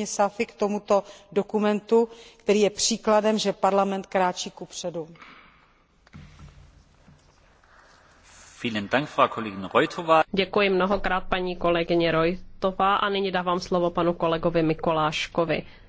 safi k tomuto dokumentu který je příkladem že parlament kráčí kupředu. děkuji mnohokrát paní kolegyni roithové a nyní dávám slovo panu kolegovi mikoláškovi.